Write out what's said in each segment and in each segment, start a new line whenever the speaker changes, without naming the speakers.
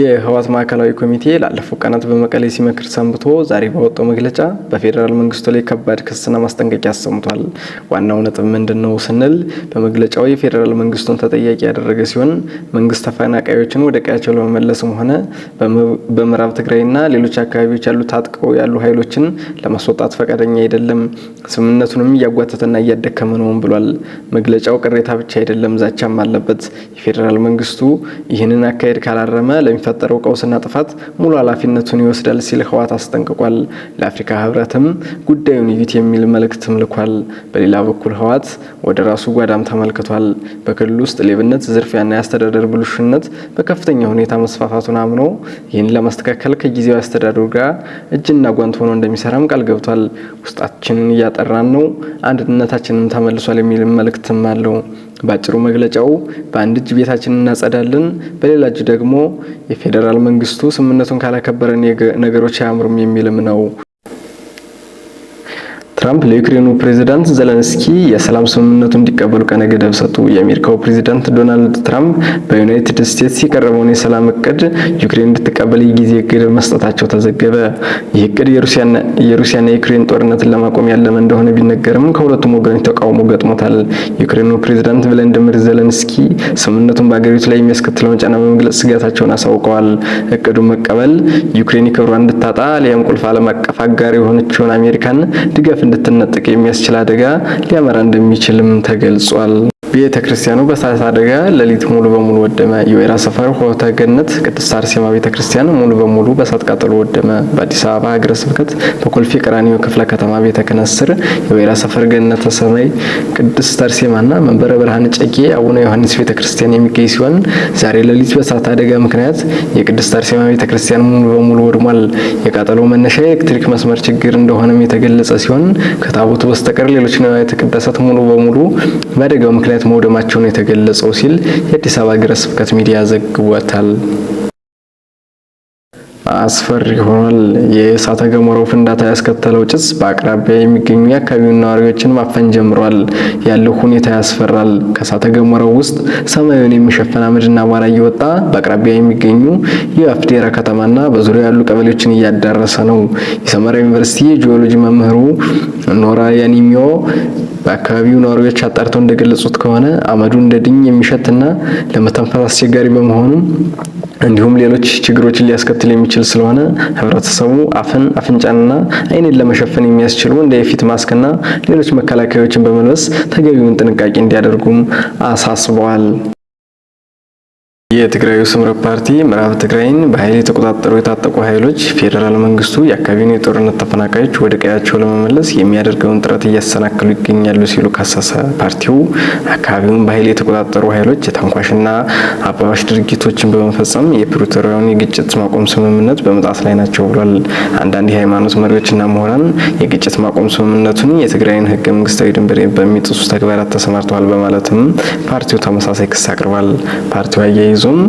የህወሓት ማዕከላዊ ኮሚቴ ላለፉት ቀናት በመቀሌ ሲመክር ሰንብቶ ዛሬ ባወጣው መግለጫ በፌዴራል መንግስቱ ላይ ከባድ ክስና ማስጠንቀቂያ አሰምቷል። ዋናው ነጥብ ምንድን ነው ስንል በመግለጫው የፌዴራል መንግስቱን ተጠያቂ ያደረገ ሲሆን መንግስት ተፈናቃዮችን ወደ ቀያቸው ለመመለስም ሆነ በምዕራብ ትግራይና ሌሎች አካባቢዎች ያሉ ታጥቀው ያሉ ኃይሎችን ለማስወጣት ፈቃደኛ አይደለም፣ ስምምነቱንም እያጓተተና እያደከመ ነውም ብሏል። መግለጫው ቅሬታ ብቻ አይደለም፣ ዛቻም አለበት። የፌዴራል መንግስቱ ይህንን አካሄድ ካላረመ ለሚፈጠረው ቀውስና ጥፋት ሙሉ ኃላፊነቱን ይወስዳል ሲል ህወሓት አስጠንቅቋል። ለአፍሪካ ህብረትም ጉዳዩን ይዩት የሚል መልእክትም ልኳል። በሌላ በኩል ህወሓት ወደ ራሱ ጓዳም ተመልክቷል። በክልል ውስጥ ሌብነት፣ ዝርፊያና የአስተዳደር ብልሹነት በከፍተኛ ሁኔታ መስፋፋቱን አምኖ ይህን ለማስተካከል ከጊዜው አስተዳደሩ ጋር እጅና ጓንት ሆኖ እንደሚሰራም ቃል ገብቷል። ውስጣችንን እያጠራን ነው፣ አንድነታችንም ተመልሷል የሚል መልእክትም አለው። በአጭሩ መግለጫው በአንድ እጅ ቤታችን እናጸዳለን፣ በሌላ እጅ ደግሞ የፌዴራል መንግስቱ ስምምነቱን ካላከበረ ነገሮች አያምሩም የሚልም ነው። ትራምፕ ለዩክሬኑ ፕሬዚዳንት ዘለንስኪ የሰላም ስምምነቱ እንዲቀበሉ ቀነ ገደብ ሰጡ። የአሜሪካው ፕሬዚዳንት ዶናልድ ትራምፕ በዩናይትድ ስቴትስ የቀረበውን የሰላም እቅድ ዩክሬን እንድትቀበል የጊዜ ገደብ መስጠታቸው ተዘገበ። ይህ እቅድ የሩሲያና የዩክሬን ጦርነትን ለማቆም ያለመ እንደሆነ ቢነገርም ከሁለቱም ወገኖች ተቃውሞ ገጥሞታል። የዩክሬኑ ፕሬዚዳንት ቮሎዲሚር ዘለንስኪ ስምምነቱን በአገሪቱ ላይ የሚያስከትለውን ጫና በመግለጽ ስጋታቸውን አሳውቀዋል። እቅዱን መቀበል ዩክሬን ክብሯን እንድታጣ አሊያም ቁልፍ ዓለም አቀፍ አጋር የሆነችውን አሜሪካን ድጋፍ እንድትነጠቅ የሚያስችል አደጋ ሊያመራ እንደሚችልም ተገልጿል። ቤተ ክርስቲያኑ በእሳት አደጋ ሌሊት ሙሉ በሙሉ ወደመ። የወይራ ሰፈር ሆተ ገነት ቅድስት አርሴማ ቤተ ክርስቲያን ሙሉ በሙሉ በእሳት ቃጠሎ ወደመ። በአዲስ አበባ ሀገረ ስብከት በኮልፌ ቀራኒዮ ክፍለ ከተማ ቤተ ክህነት ስር የወይራ ሰፈር ገነተ ሰማይ ቅድስት አርሴማና መንበረ ብርሃን ጨቄ አቡነ ዮሐንስ ቤተ ክርስቲያን የሚገኝ ሲሆን ዛሬ ሌሊት በእሳት አደጋ ምክንያት የቅድስት አርሴማ ቤተ ክርስቲያን ሙሉ በሙሉ ወድሟል። የቃጠሎ መነሻ የኤሌክትሪክ መስመር ችግር እንደሆነም የተገለጸ ሲሆን ከታቦቱ በስተቀር ሌሎች ንዋያተ ቅድሳት ሙሉ በሙሉ በአደጋው ምክንያት ምክንያት መውደማቸውን የተገለጸው ሲል የአዲስ አበባ ሀገረ ስብከት ሚዲያ ዘግቧታል። አስፈሪ ሆኗል። የእሳተ ገሞራው ፍንዳታ ያስከተለው ጭስ በአቅራቢያ የሚገኙ የአካባቢውን ነዋሪዎችን ማፈን ጀምሯል። ያለው ሁኔታ ያስፈራል። ከእሳተ ገሞራው ውስጥ ሰማዩን የሚሸፍን አመድና አቧራ እየወጣ በአቅራቢያ የሚገኙ የአፍዴራ ከተማና በዙሪያ ያሉ ቀበሌዎችን እያዳረሰ ነው። የሰመራ ዩኒቨርሲቲ የጂኦሎጂ መምህሩ ኖራ ያኒሚዮ በአካባቢው ነዋሪዎች አጣርተው እንደገለጹት ከሆነ አመዱ እንደ ድኝ የሚሸትና ለመተንፈስ አስቸጋሪ በመሆኑ እንዲሁም ሌሎች ችግሮችን ሊያስከትል የሚችል ስለሆነ ህብረተሰቡ አፍን፣ አፍንጫንና አይንን ለመሸፈን የሚያስችሉ እንደ የፊት ማስክና ሌሎች መከላከያዎችን በመልበስ ተገቢውን ጥንቃቄ እንዲያደርጉም አሳስበዋል። የትግራዩ ስምረት ፓርቲ ምዕራብ ትግራይን በኃይል የተቆጣጠሩ የታጠቁ ኃይሎች ፌዴራል መንግስቱ የአካባቢውን የጦርነት ተፈናቃዮች ወደ ቀያቸው ለመመለስ የሚያደርገውን ጥረት እያሰናከሉ ይገኛሉ ሲሉ ካሰሰ። ፓርቲው አካባቢውን በኃይል የተቆጣጠሩ ኃይሎች ተንኳሽና አባባሽ ድርጊቶችን በመፈጸም የፕሪቶሪያውን የግጭት ማቆም ስምምነት በመጣስ ላይ ናቸው ብሏል። አንዳንድ የሃይማኖት መሪዎችና ምሁራን የግጭት ማቆም ስምምነቱን የትግራይን ህገ መንግስታዊ ድንበር በሚጥሱ ተግባራት ተሰማርተዋል በማለትም ፓርቲው ተመሳሳይ ክስ አቅርቧል። ፓርቲው አያይዞም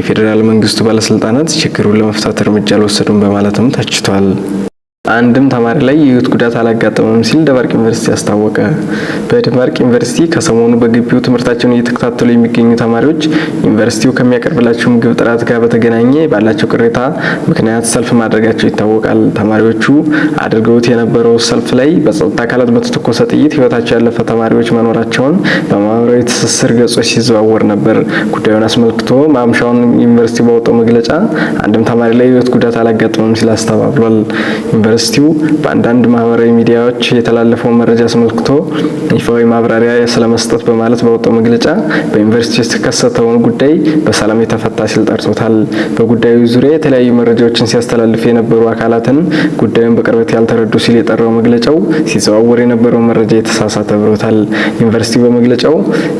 የፌዴራል መንግስቱ ባለስልጣናት ችግሩን ለመፍታት እርምጃ አልወሰዱም በማለትም ተችቷል። አንድም ተማሪ ላይ የህይወት ጉዳት አላጋጠመም ሲል ደባርቅ ዩኒቨርሲቲ አስታወቀ። በደባርቅ ዩኒቨርሲቲ ከሰሞኑ በግቢው ትምህርታቸውን እየተከታተሉ የሚገኙ ተማሪዎች ዩኒቨርሲቲው ከሚያቀርብላቸው ምግብ ጥራት ጋር በተገናኘ ባላቸው ቅሬታ ምክንያት ሰልፍ ማድረጋቸው ይታወቃል። ተማሪዎቹ አድርገውት የነበረው ሰልፍ ላይ በጸጥታ አካላት በተተኮሰ ጥይት ህይወታቸው ያለፈ ተማሪዎች መኖራቸውን በማህበራዊ ትስስር ገጾች ሲዘዋወር ነበር። ጉዳዩን አስመልክቶ ማምሻውን ዩኒቨርሲቲ ባወጣው መግለጫ አንድም ተማሪ ላይ የህይወት ጉዳት አላጋጠመም ሲል አስተባብሏል። ዩኒቨርሲቲው በአንዳንድ ማህበራዊ ሚዲያዎች የተላለፈውን መረጃ አስመልክቶ ይፋዊ ማብራሪያ ስለመስጠት በማለት በወጣው መግለጫ በዩኒቨርሲቲ የተከሰተውን ጉዳይ በሰላም የተፈታ ሲል ጠርቶታል። በጉዳዩ ዙሪያ የተለያዩ መረጃዎችን ሲያስተላልፍ የነበሩ አካላትን ጉዳዩን በቅርበት ያልተረዱ ሲል የጠራው መግለጫው ሲዘዋወር የነበረው መረጃ የተሳሳተ ብሎታል። ዩኒቨርሲቲው በመግለጫው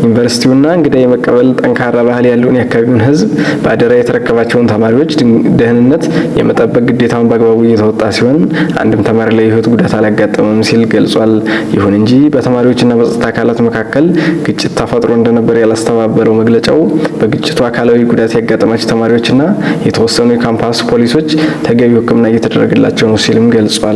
ዩኒቨርሲቲውና እንግዳ የመቀበል ጠንካራ ባህል ያለውን የአካባቢውን ህዝብ በአደራ የተረከባቸውን ተማሪዎች ደህንነት የመጠበቅ ግዴታውን በአግባቡ እየተወጣ ሲሆን አንድም ተማሪ ላይ የህይወት ጉዳት አላጋጠመም ሲል ገልጿል። ይሁን እንጂ በተማሪዎችና በጸጥታ አካላት መካከል ግጭት ተፈጥሮ እንደነበር ያላስተባበለው መግለጫው በግጭቱ አካላዊ ጉዳት ያጋጠማቸው ተማሪዎችና የተወሰኑ የካምፓስ ፖሊሶች ተገቢው ሕክምና እየተደረገላቸው ነው ሲልም ገልጿል።